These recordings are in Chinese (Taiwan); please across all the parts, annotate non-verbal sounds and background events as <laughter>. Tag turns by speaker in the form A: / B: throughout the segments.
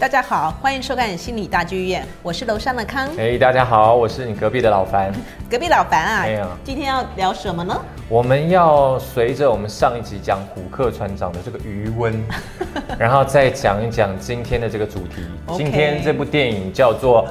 A: 大家好，歡迎收看心理大劇院，我是樓上的康。哎，hey,
B: 大家好，我是你隔壁的老樊。
A: <laughs> 隔壁老樊啊， <laughs> 今天要聊什麼呢？
B: 我們要隨着我們上一集講《虎克船長》的這個餘溫， <laughs> 然後再講一講今天的這個主題。 <laughs> 今天這部電影叫做。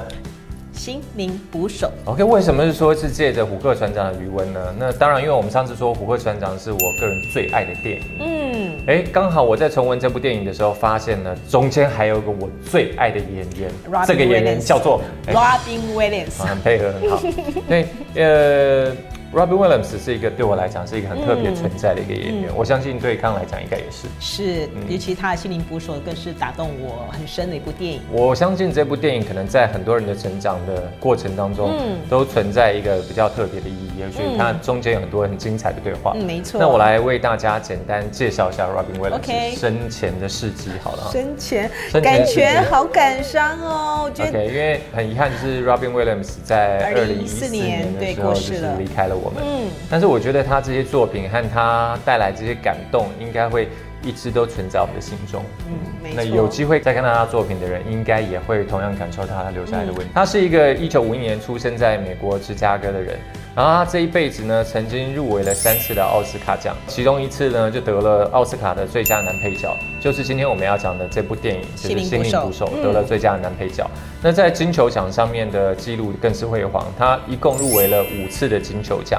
A: 心靈捕手。OK，
B: 為什麼是說是借着虎克船長的余溫呢？那當然，因為我們上次說虎克船長是我個人最愛的電
A: 影。
B: 嗯，哎、欸，剛好我在重溫這部電影的時候，發現呢，中間還有一個我最愛的演員，Robin 這個演員叫做、欸、Robin
A: Williams、啊。很配合，很好，對、 <laughs> 欸，
B: 呃。Robin Williams 是一個對我來講是一個很特別存在的一個演員，嗯、我相信對康來講應該也是。
A: 是，嗯、尤其他《心靈捕手》更是打動我很深的一部電影。
B: 我相信這部電影可能在很多人的成長的過程當中，嗯，都存在一個比較特別的意義，所以它中間有很多很精彩的對話。沒錯、嗯。那我來為大家簡單介紹一下 Robin Williams Okay 生前的事跡，好了。生
A: 前，生前感覺好感傷哦。OK，因
B: 為很遺憾是 Robin Williams 在二零一四年的時候就是離開了。我們，嗯、但是我覺得他這些作品和他帶來這些感動，應該會，一直都存在我們的心中，嗯，嗯，沒錯，那有機會再看到他作品的人，應該也會同樣感受他，他留下來的問題。嗯，他是一個一九五一年出生在美國芝加哥的人，然後他這一輩子呢，曾經入圍了三次的奧斯卡獎，其中一次呢就得了奧斯卡的最佳男配角，就是今天我們要講的這部電影就是《心靈捕手》，得了最佳男配角。嗯，那在金球獎上面的記錄更是輝煌，他一共入圍了五次的金球獎。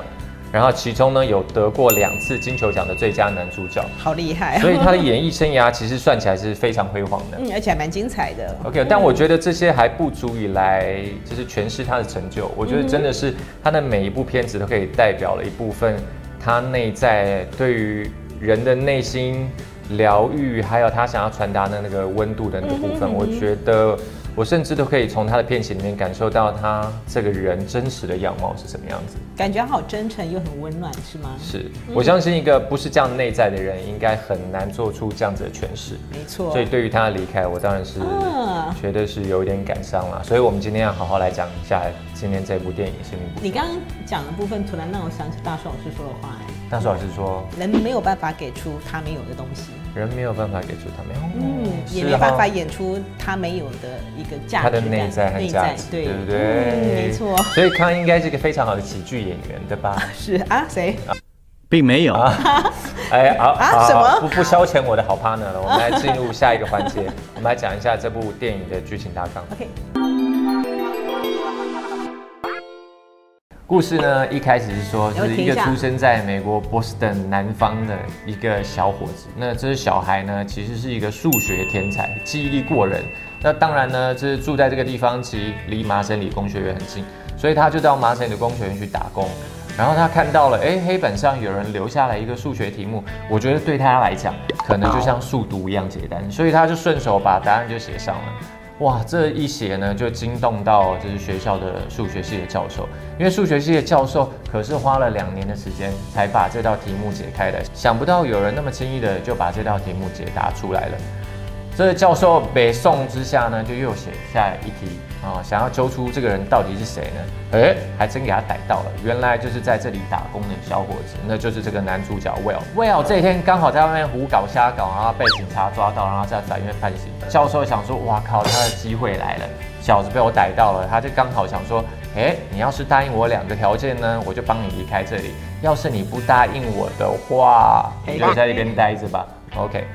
B: 然後其中呢有得過兩次金球獎的最佳男主角，
A: 好厲害啊！所以他的演
B: 藝生涯其實算起來是非常輝煌的，嗯，
A: 而且還蠻精彩的。OK，但我覺
B: 得這些還不足以來就是詮釋他的成就。嗯，我覺得真的是他的每一部片子都可以代表了一部分他內在對於人的內心療癒，還有他想要傳達的那個溫度的那個部分。嗯哼嗯哼，我覺得。我甚至都可以從他的片型裡面感受到他這個人真實的樣貌是什麼樣子，
A: 感覺好真誠又很溫暖，是嗎？
B: 是，我相信一個不是這樣內在的人，應該很難做出這樣子的詮釋。沒錯，所以對於他的離開，我當然是絕對是有一點感傷了。所以，我們今天要好好來講一下。今天這部電影是你剛剛
A: 講的部分，突然讓我想起大叔老師說的
B: 話。大叔老師說，
A: 人沒有辦法給出他沒有的東
B: 西。人沒有辦法給出他沒有，嗯，也沒辦法
A: 演出他沒有的一個價值。他的內在和價值，對不對？沒錯。
B: 所以康應該是一個非常好的喜劇演員，對吧？
A: 是啊，誰，
B: 並沒有啊。哎，好啊，什麼？不不消遣我的好 partner 了，我們來進入下一個環節，我們來講一下這部電影的劇情大綱。OK。故事呢，一開始是說，是一個出生在美國波士頓南方的一個小伙子。那這小孩呢，其實是一個數學天才，記憶力過人。那當然呢，就是住在這個地方，其實離麻省理工學院很近，所以他就到麻省理工學院去打工。然後他看到了，哎、欸，黑板上有人留下來一個數學題目，我覺得對他來講，可能就像數獨一樣簡單，所以他就順手把答案就寫上了。哇，這一寫呢，就驚動到就是學校的數學系的教授，因為數學系的教授可是花了兩年的時間才把這道題目解開的，想不到有人那麼輕易的就把這道題目解答出來了，這個教授北送之下呢，就又寫下一題。嗯、想要揪出這個人到底是誰呢？哎、欸，還真給他逮到了，原來就是在這裡打工的小伙子，那就是這個男主角 Will。Will 這一天剛好在外面胡搞瞎搞，然後被警察抓到，然後在法院判刑。教授想說，哇靠，他的機會來了，小子被我逮到了，他就剛好想說，哎、欸，你要是答應我兩個條件呢，我就幫你離開這裡；要是你不答應我的話，你就在那邊待着吧。OK。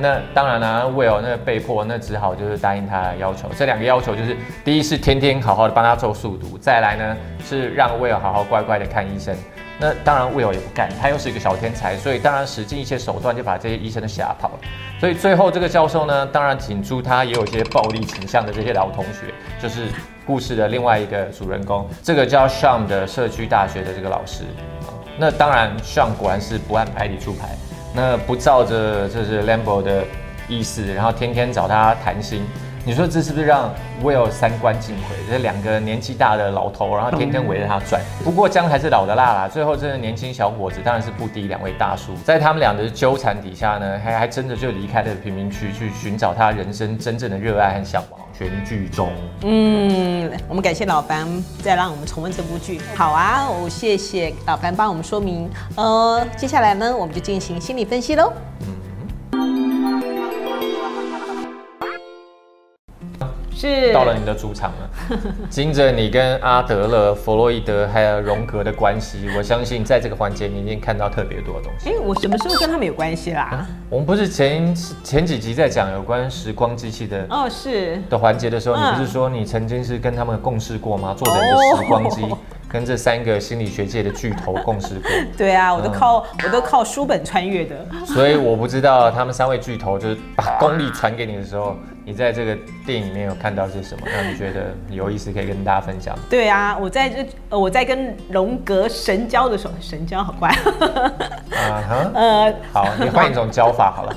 B: 那當然呢，啊，Will 那被迫那只好就是答應他的要求。這兩個要求就是，第一是天天好好的幫他做速讀，再來呢是讓 Will 好好乖乖的看醫生。那當然 Will 也不幹，他又是一個小天才，所以當然使盡一些手段就把這些醫生都嚇跑了。所以最後這個教授呢，當然請出他也有些暴力傾向的這些老同學，就是故事的另外一個主人公，這個叫 Sean 的社區大學的這個老師。那當然 Sean 果然是不按牌理出牌。那不照着就是 Lambo 的意思，然後天天找他談心。你說這是不是讓 Will 三觀盡毀？這兩個年紀大的老頭，然後天天圍着他轉。不過薑還是老的辣啦，最後這個年輕小夥子當然是不敵兩位大叔，在他們倆的糾纏底下呢，還還真的就離開了貧民區，去尋找他人生真正的熱愛和向往。全劇終。
A: 嗯，我們感謝老樊，再讓我們重溫這部劇。好啊，我、哦、謝謝老樊幫我們說明。呃，接下來呢，我們就進行心理分析嘍。嗯。是到了你
B: 的主場了。經着你跟阿德勒、弗洛伊德、還有榮格的關係，我相信在這個環節你已經看到特別多的東
A: 西。哎、欸，我什麼時候跟他們有關係啦、
B: 啊？我們不是前前幾集在講有關時光機器的哦是的環節的時候，你不是說你曾經是跟他們共事過嗎？坐的時光機跟這三個心理學界的巨頭共事過。哦、 <laughs>
A: 對啊，我都靠、嗯、我都靠書本穿越的。所以
B: 我不知道他們三位巨頭就是把功力傳給你的時候。你在這個電影裡面有看到是什麼？讓你覺得有意思，可以跟大家分享嗎？
A: 對啊，我在這，我在跟龍哥神交的時候，神交好怪
B: 啊！呃，好， <laughs> 你換一種交法好了。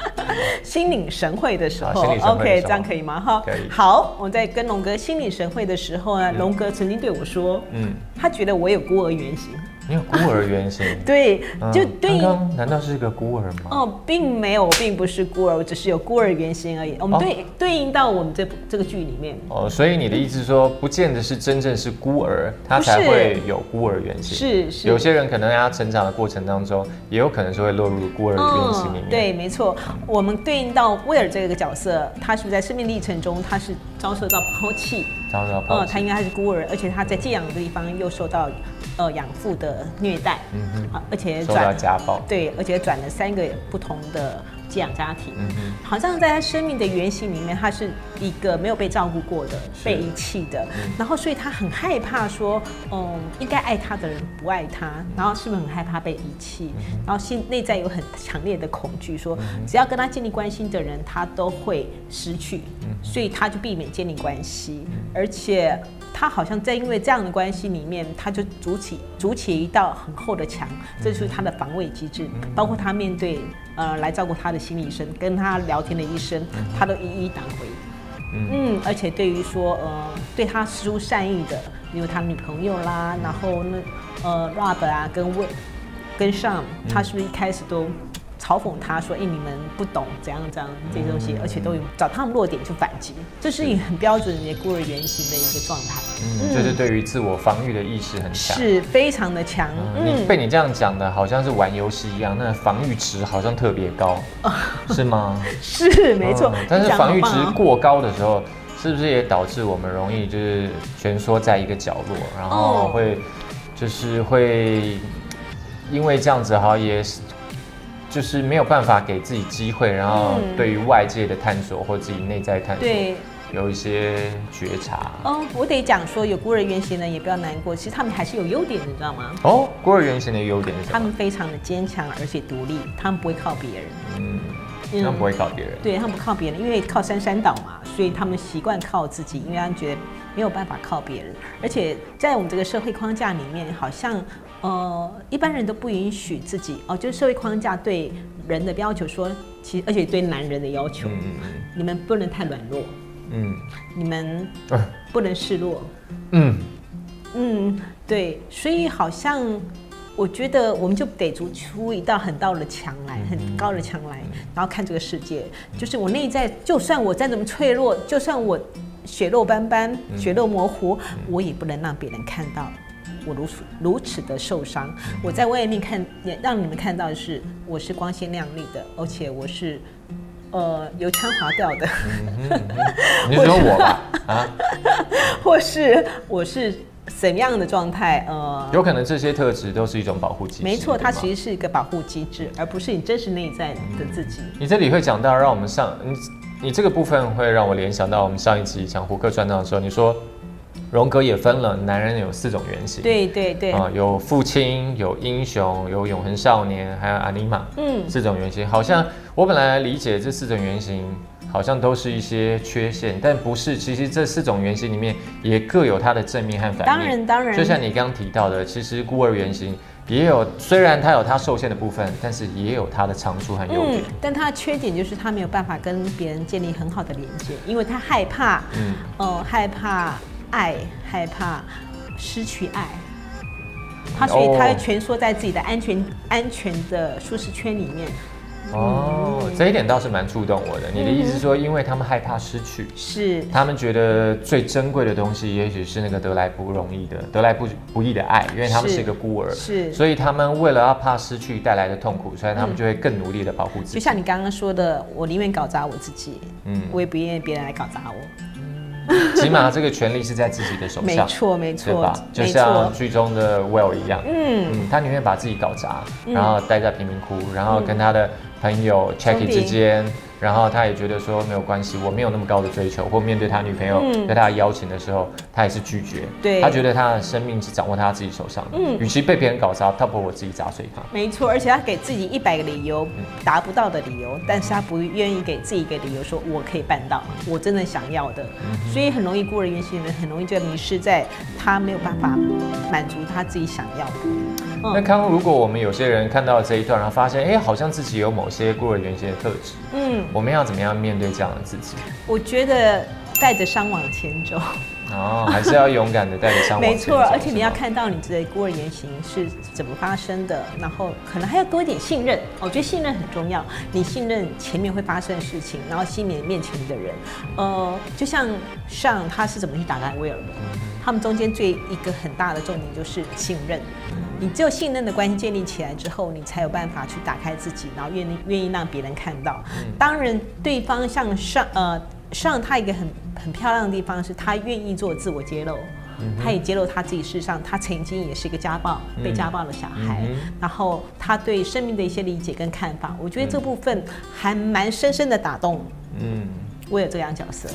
A: <laughs> 心領神會的時候，的時候，OK，這樣可以嗎？哈，可以。好，我在跟龍哥心領神會的時候呢、啊，龍哥、嗯、曾經對我說，嗯，他覺得我有孤兒原型。
B: 你有孤兒原型，啊、對，
A: 就對應。嗯、剛剛
B: 難道是一個孤兒嗎？
A: 哦，並沒有，我並不是孤兒，我只是有孤兒原型而已。我們對、哦、對應到我們這部這個劇裡面。
B: 哦，所以你的意思是說，不見得是真正是孤兒，他才會有孤兒原型。是是。是是有些人可能在他成長的過程當中，也有可能是會落入孤兒原型裡面。嗯、對，沒
A: 錯。我們對應到威爾這個角色，他是不是在生命歷程中，他是遭受到拋棄？
B: 遭受到拋棄、嗯。他應該他是
A: 孤兒，而且他在寄養的地方又受到。呃，養父的虐待，嗯嗯哼，而且轉，受到家暴，對，而且轉了三個不同的寄養家庭，嗯嗯哼，好像在他生命的原型裡面，他是一個沒有被照顧過的，是被遺棄的，嗯、然後所以他很害怕說，嗯，應該愛他的人不愛他，然後是不是很害怕被遺棄，嗯、哼然後心內在有很強烈的恐懼，說、嗯、哼只要跟他建立關係的人，他都會失去，嗯、哼所以他就避免建立關係，嗯、哼而且。他好像在因為這樣的關係裡面，他就築起築起一道很厚的牆，這就是他的防衛機製。包括他面對呃來照顧他的心理醫生，跟他聊天的醫生，他都一一擋回。嗯，而且對於說呃對他釋出善意的，比如他女朋友啦，嗯、然後那呃 Rob 啊跟 Will 跟 Sean，他是不是一開始都？嘲諷他說：“哎，你們不懂怎樣這樣這些東西，而且都有找他們弱點去反擊，這是一個很標準的孤兒原型的一個狀態。嗯，就是
B: 對於自我防禦的意識很強，是
A: 非常的強。你被
B: 你這樣講的好像是玩遊戲一樣，那防禦值好像特別高，是嗎？
A: 是沒錯。但是防禦值
B: 過高的時候，是不是也導致我們容易就是蜷縮在一個角落，然後會就是會因為這樣子，好像也。”就是沒有辦法給自己機會，然後對於外界的探索或自己內在探索，嗯，對有一些覺察。
A: 哦，我得講說，有孤兒原型呢也不要難過，其實他們還是有優點的，你知道嗎？
B: 哦，孤兒原型的優點是什麼？他
A: 們非常的堅強，而且獨立，他們不會靠別人。嗯，
B: 嗯，他們不會靠別人。
A: 對，他們不靠別人，因為靠山山倒嘛，所以他們習慣靠自己，因為他們覺得沒有辦法靠別人，而且在我們這個社會框架裡面，好像。呃，一般人都不允許自己哦、呃，就是社會框架對人的要求說，說其實而且對男人的要求，嗯、你們不能太軟弱，嗯，你們不能示弱，嗯嗯，對，所以好像我覺得我們就得築出一道很高的牆來，很高的牆來，然後看這個世界，嗯、就是我內在，就算我再怎麼脆弱，就算我血肉斑斑，血肉模糊，嗯、我也不能讓別人看到。我如此如此的受傷，我在外面看讓你們看到的是我是光鮮亮麗的，而且我是呃油腔滑調的。你說我吧啊，或是我是怎樣的狀態？呃，有
B: 可能這些特質都是一種保護機制。沒錯錯，嗎它其實
A: 是一個保護機制，而不是你真實內在的自己。嗯、
B: 你這裡會講到，讓我們上你你這個部分會讓我聯想到我們上一集講胡克船長的時候，你說。榮格也分了男人有四種原型，
A: 對對對，啊、
B: 嗯，有父親，有英雄，有永恆少年，還有阿尼瑪，嗯，四種原型。好像我本來理解這四種原型好像都是一些缺陷，但不是，其實這四種原型裡面也各有它的正面和反面。當然，當然，就像你剛剛提到的，其實孤兒原型也有，雖然它有它受限的部分，但是也有它的長處和優點。
A: 嗯、但它的缺點就是它沒有辦法跟別人建立很好的連接，因為它害怕，嗯，哦、呃，害怕。愛，害怕失去愛，他所以他蜷縮在自己的安全、安全的舒適圈裡面。哦，這一
B: 點倒是蠻觸動我的。你的意思是說，因為他們害怕失去，是他們覺得最珍貴的東西，也許是那個得來不容易的、得來不不易的愛，因為他們是一個孤兒，是，是所以他們為了要怕失去帶來的痛苦，所以他們就會更努力地保護自己，嗯。就
A: 像你剛剛說的，我寧願搞砸我自己，
B: 嗯，
A: 我也不願意別人來搞砸我。
B: <laughs> 起碼這個權利是在自己的手上，沒錯沒錯，對吧？就像劇中的 Will 一樣，錯嗯，嗯，他寧願把自己搞砸，嗯、然後待在貧民窟，然後跟他的朋友 Chuckie 之間。然後他也覺得說沒有關係，我沒有那麼高的追求。或面對他女朋友對他的邀請的時候，嗯、他也是拒絕。對，他覺得他的生命是掌握他自己手上的，嗯，與其被別人搞砸，他不如我自己砸碎他。
A: 沒錯，而且他給自己一百個理由、嗯、達不到的理由，但是他不願意給自己一個理由說我可以辦到，我真的想要的。嗯、哼所以很容易孤兒原型人，很容易就迷失在他沒有辦法滿足他自己想要
B: 的。那康、嗯，如果我們有些人看到了這一段，然後發現哎，好像自己有某些孤兒原型的特質。嗯，我們要怎麼樣面對這樣的自己？
A: 我覺得帶着傷往前走
B: 哦，還是要勇敢的帶着傷往前走。 <laughs> 沒錯，而且
A: 你要看到你這個孤兒言行是怎麼發生的，然後可能還要多一點信任。我覺得信任很重要，你信任前面會發生的事情，然後信任面，面前的人。呃，就像上他是怎麼去打開威爾的，嗯、哼他們中間最一個很大的重點就是信任。你只有信任的關係建立起來之後，你才有辦法去打開自己，然後願意願意讓別人看到。嗯、當然，對方向上，呃，上他一個很很漂亮的地方是他願意做自我揭露，嗯、哼他也揭露他自己，事實上他曾經也是一個家暴、嗯、被家暴的小孩，嗯、哼然後他對生命的一些理解跟看法，我覺得這部分還蠻深深的打動。嗯，我有這樣角色，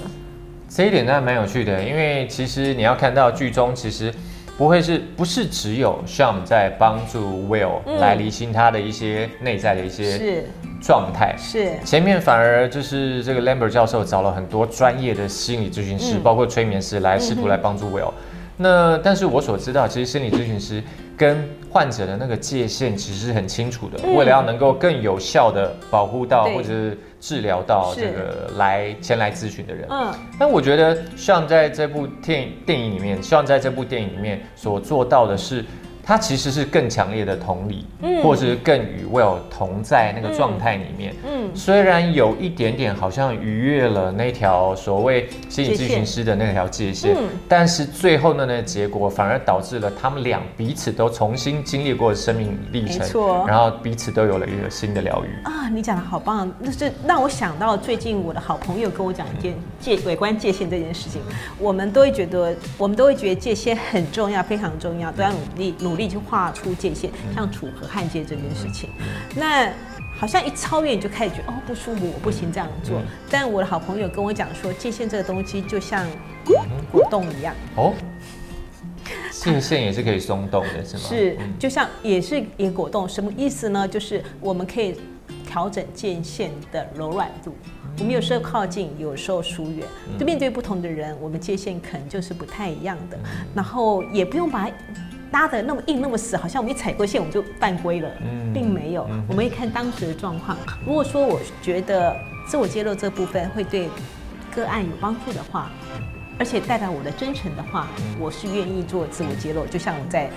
B: 這一點呢，蠻有趣的，因為其實你要看到劇中其實。不會是，不是只有 Sean 在幫助 Will 來理清他的一些內在的一些狀態。嗯、是，是前面反而就是這個 Lambert 教授找了很多專業的心理諮詢師，嗯、包括催眠師來試圖來幫助 Will。嗯那，但是我所知道，其實心理諮詢師跟患者的那個界限，其實是很清楚的。嗯、為了要能夠更有效的保護到，對或者是治療到這個來是前來諮詢的人。嗯、啊，但我覺得，像在這部電電影裡面，希望在這部電影裡面所做到的是。他其實是更強烈的同理，嗯、或者是更與 Will 同在那個狀態裡面。嗯，嗯雖然有一點點好像逾越了那條所謂心理諮詢師的那條界限，界限嗯、但是最後的那個結果反而導致了他們倆彼此都重新經歷過生命歷程，沒錯錯。然後彼此都有了一個新的療癒。
A: 啊，你講得好棒！那是讓我想到最近我的好朋友跟我講一件界、圍觀、嗯、界限這件事情，我們都會覺得我們都會覺得界限很重要，非常重要，對都要努力努。努力去畫出界限，像楚河漢界這件事情，嗯嗯嗯、那好像一超越你就開始覺得哦不舒服，我不行這樣做。嗯嗯、但我的好朋友跟我講說，界限這個東西就像果凍一樣哦，
B: 界限也是可以鬆動的，是嗎？是，
A: 就像也是也果凍，什麼意思呢？就是我們可以調整界限的柔軟度，嗯、我們有時候靠近，有時候疏遠，嗯、就面對不同的人，我們界限可能就是不太一樣的，嗯、然後也不用把。搭的那麼硬那麼死，好像我們一踩過線，我們就犯規了。嗯，並沒有。我們一看當時的狀況，如果說我覺得自我揭露這部分會對個案有幫助的話，而且代表我的真誠的話，我是願意做自我揭露。就像我在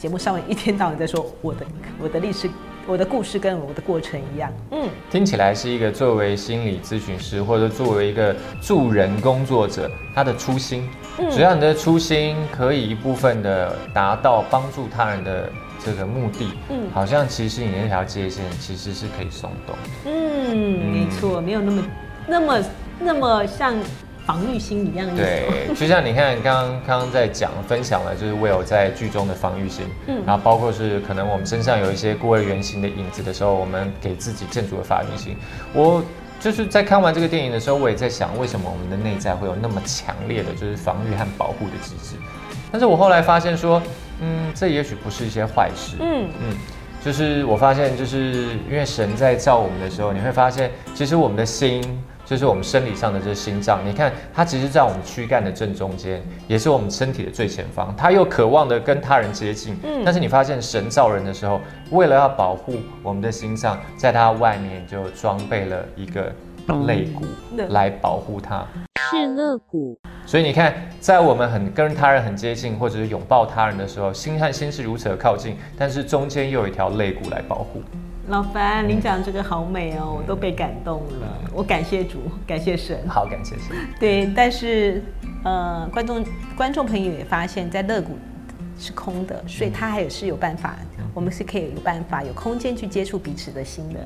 A: 節目上面一天到晚在說我的我的歷史。我的故事跟我的過程一樣，嗯，
B: 聽起來是一個作為心理諮詢師或者作為一個助人工作者，他的初心，嗯，
A: 只要你的
B: 初心可以一部分的達到幫助他人的這個目的，嗯，好像其實你那條界線其實是可以鬆動，嗯，
A: 沒錯，沒有那麼那麼那麼像。防禦心一樣，對，就
B: 像你看剛剛在講分享了，就是 Will 在劇中的防禦心，嗯，然後包括是可能我們身上有一些孤兒原型的影子的時候，我們給自己建築的防禦心。我就是在看完這個電影的時候，我也在想，為什麼我們的內在會有那麼強烈的就是防禦和保護的機制？但是我後來發現說，嗯，這也許不是一些壞事，嗯嗯，就是我發現，就是因為神在造我們的時候，你會發現其實我們的心。就是我們生理上的這心臟，你看它其實，在我們軀幹的正中間，也是我們身體的最前方。它又渴望的跟他人接近，嗯，但是你發現神造人的時候，為了要保護我們的心臟，在它外面就裝備了一個肋骨來保護它，
A: 是肋骨。
B: 所以你看，在我們很跟他人很接近，或者是擁抱他人的時候，心和心是如此的靠近，但是中間又有一條肋骨來保護。
A: 老樊，你講這個好美哦、喔，嗯、我都被感動了。嗯、我感謝主，感謝神。好，感謝神。對，但是呃，觀眾觀眾朋友也發現，在樂谷是空的，所以他還是有辦法，嗯、我們是可以有辦法有空間去接觸彼此的心的。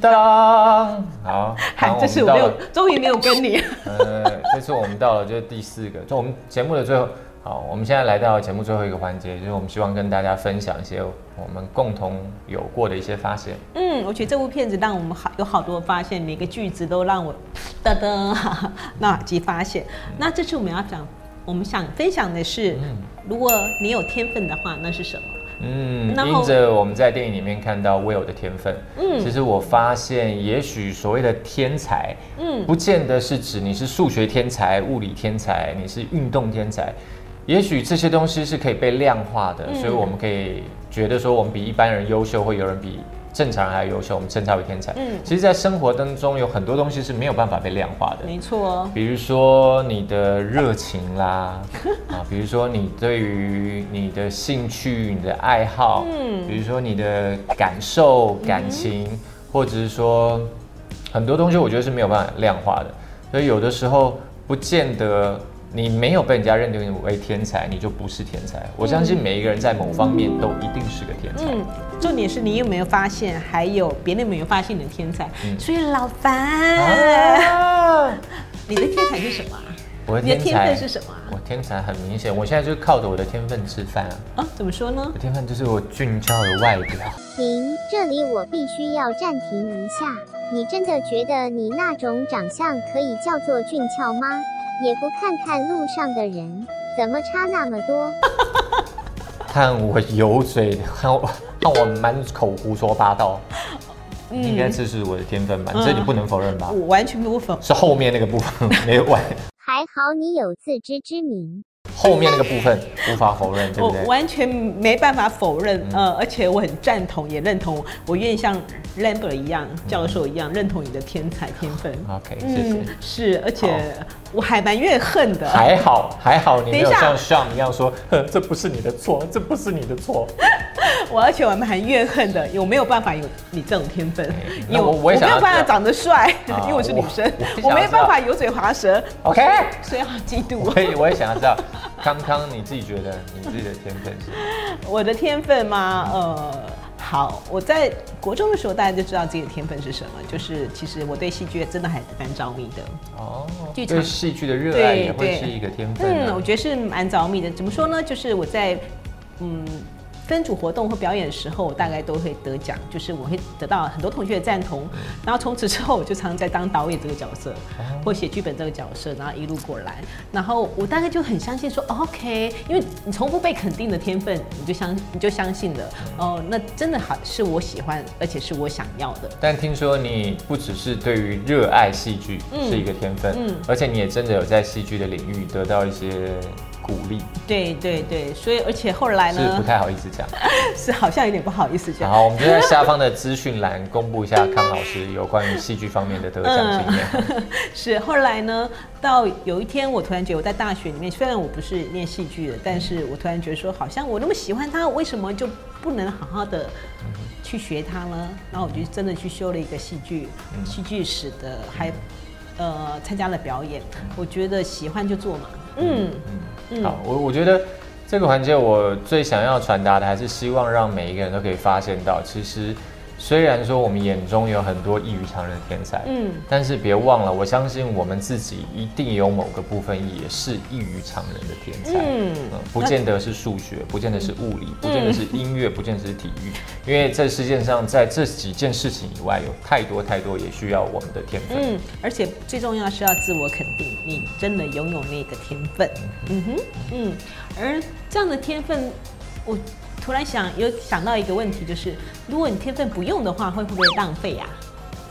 A: 當
B: 好，嗨，這次我沒有，
A: 終於沒有跟你。
B: 呃，這次我們到了，就是第四個，就我們節目的最後。好，我們現在來到節目最後一個環節，就是我們希望跟大家分享一些我們共同有過的一些發現。
A: 嗯，我覺得這部片子讓我們好有好多發現，每個句子都讓我噔噔那即發現。嗯、那這次我們要講，我們想分享的是，嗯、如果你有天分的話，那是什麼？
B: 嗯，然後我們在電影裡面看到 Will 的天分。嗯，其實我發現，也許所謂的天才，嗯，不見得是指你是數學天才、物理天才，你是運動天才。也許這些東西是可以被量化的，嗯、所以我們可以覺得說我們比一般人優秀，會有人比正常人還要優秀，我們稱他為天才。嗯，其實，在生活當中有很多東西是沒有辦法被量化的，
A: 沒錯哦。
B: 比如說你的熱情啦， <laughs> 啊，比如說你對於你的興趣、你的愛好，嗯，比如說你的感受、感情，嗯、或者是說很多東西，我覺得是沒有辦法量化的，所以有的時候不見得。你沒有被人家認定為天才，你就不是天才。嗯、我相信每一個人在某方面都一定是個天
A: 才。嗯、重點是你有沒有發現還有別人有沒有發現你的天才？嗯、所以老樊，啊、你的天才是什麼？
B: 我的天才，你的天分是什麼？我天才很明顯，我現在就是靠着我的天分吃飯啊。啊，
A: 怎麼說呢？我
B: 天分就是我俊俏的外表。
A: 停，這裡我必須要暫停一下。你真的覺得你那種長相可以叫做俊俏嗎？也不看看路上的人怎麼差那麼多，
B: 看 <laughs> 我油嘴，看我看我滿口胡說八道， <laughs> 嗯、
A: 應該是
B: 是我的天分吧，所以、嗯、你不能否認吧？我
A: 完全不否，是後
B: 面那個部分 <laughs> 沒有完。
A: <laughs> 還好你有自知之明。
B: 後面那個部分無法否認，我完
A: 全沒辦法否認。呃，而且我很贊同，也認同，我願意像 Lambert 一樣，教授一樣認同你的天才天分。OK，謝謝。是，而且我還蠻怨恨的。還好，
B: 還好，你沒有像 Sean 一樣說，這不是你的錯，這不是你的錯。
A: 我而且我還蠻怨恨的，我沒有辦法有你這種天分，我我沒有辦法長得帥，因為我是女生，我沒辦法油嘴滑舌。OK，所以好嫉妒。所以
B: 我也想要知道。康康，你自己覺得你自己的天分
A: 是？我的天分嗎？呃，好，我在國中的時候，大家就知道自己的天分是什麼，就是其實我對戲劇真的還蠻着迷的。哦，對
B: 戲劇的熱愛也會是一個天分。嗯，我
A: 覺得是蠻着迷的。怎麼說呢？就是我在，嗯。分組活動或表演的時候，我大概都會得獎，就是我會得到很多同學的贊同。然後從此之後，我就常常在當導演這個角色，嗯、或寫劇本這個角色，然後一路過來。然後我大概就很相信說，OK，因為你從不被肯定的天分，你就相你就相信了。嗯、哦，那真的好，是我喜歡，而且是我想要的。
B: 但聽說你不只是對於熱愛戲劇是一個天分，嗯，嗯，而且你也真的有在戲劇的領域得到一些。鼓勵，
A: 對對對，所以而且後來呢，是不
B: 太好意思講，
A: <laughs> 是好像有點不好意思講。好，我們就在下
B: 方的資訊欄公布一下，康老師有關於戲劇方面的得獎
A: 經驗。嗯。是後來呢，到有一天我突然覺得我在大學裡面，雖然我不是念戲劇的，但是我突然覺得說，好像我那麼喜歡他，為什麼就不能好好的去學他呢？然後我就真的去修了一個戲劇，戲劇史的，還呃參加了表演。我覺得喜歡就做嘛，嗯。嗯，
B: 好，我我覺得這個環節我最想要傳達的，還是希望讓每一個人都可以發現到，其實。雖然說我們眼中有很多異於常人的天才，嗯，但是別忘了，我相信我們自己一定有某個部分也是異於常人的天才，嗯，嗯，不見得是數學，不見得是物理，嗯、不見得是音樂，嗯、不見得是體育，嗯、因為在世界上，在這幾件事情以外，有太多太多也需要我們的天分，
A: 嗯，而且最重要是要自我肯定，你真的擁有那個天分，嗯哼，嗯，而這樣的天分，我。突然想有想到一個問題，就是如果你天分不用的話，會不會浪費呀？
B: 啊？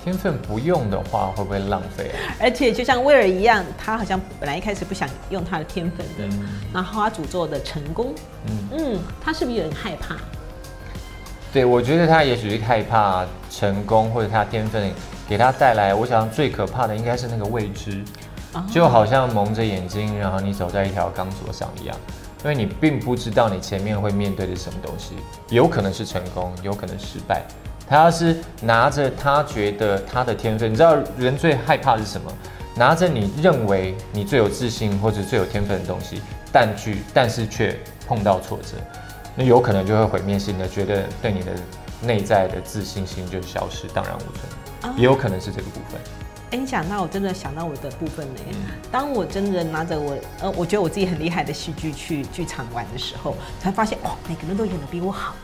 B: 天分不用的話，會不會浪費啊？
A: 而且就像威爾一樣，他好像本來一開始不想用他的天分的。嗯、然後他主做的成功，嗯，嗯，他是不是有點害怕？
B: 對，我覺得他也許是害怕成功，或者他天分給他帶來。我想最可怕的應該是那個未知，嗯、就好像蒙着眼睛，然後你走在一條鋼索上一樣。因為你並不知道你前面會面對的什麼東西，有可能是成功，有可能失敗。他要是拿着他覺得他的天分，你知道人最害怕的是什麼？拿着你認為你最有自信或者最有天分的東西，但去但是卻碰到挫折，那有可能就會毀滅性的覺得對你的內在的自信心就消失蕩然無存，也有可能是這個部分。
A: 哎，你想到我真的想到我的部分呢。當我真的拿着我呃，我覺得我自己很厲害的戲劇去劇場玩的時候，才發現哇、哦，每個人都演得比我好。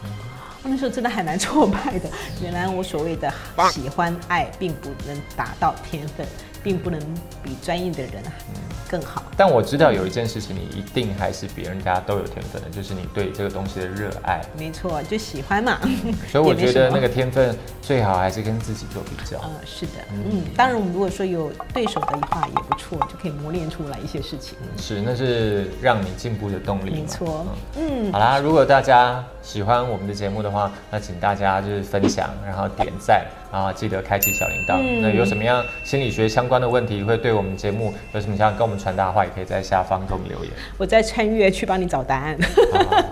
A: 我那時候真的還蠻挫敗的，原來我所謂的喜歡愛，並不能達到天分，並不能比專業的人啊。更好，
B: 但我知道有一件事情，你一定還是比人家都有天分的，就是你對這個東西的熱愛。
A: 沒錯，就喜歡嘛。 <laughs> 所以我覺得那個
B: 天分最好還是跟自己做比較。嗯，
A: 是的，嗯，當然我們如果說有對手的話也不錯，就可以磨練出來一些事情。是，那是
B: 讓你進步的動力。沒錯錯，嗯。
A: 嗯，好啦，
B: 如果大家喜歡我們的節目的話，那請大家就是分享，然後點贊。啊，記得開啟小鈴鐺。嗯、那有什麼樣心理學相關的問題，會對我們節目有什麼想跟我們傳達的話，也可以在下方跟我們留言。
A: 我在穿越去幫你找答案，
B: <laughs> 啊、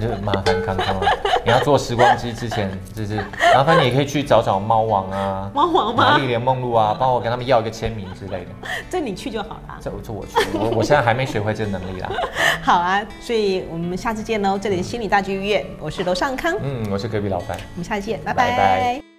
B: 就麻煩康康你要坐時光機之前，就是麻煩你也可以去找找貓王啊，
A: 貓王嗎、瑪麗
B: 蓮夢露啊，幫我跟他們要一個簽名之類的。
A: 這你去就好了。這這我去， <laughs> 我
B: 我現在還沒學會這個能力啦。
A: 好啊，所以我們下次見嘍！這裡是心理大劇院，我是樓上康，
B: 嗯，我是隔壁老樊，我們下次見，拜拜。拜拜。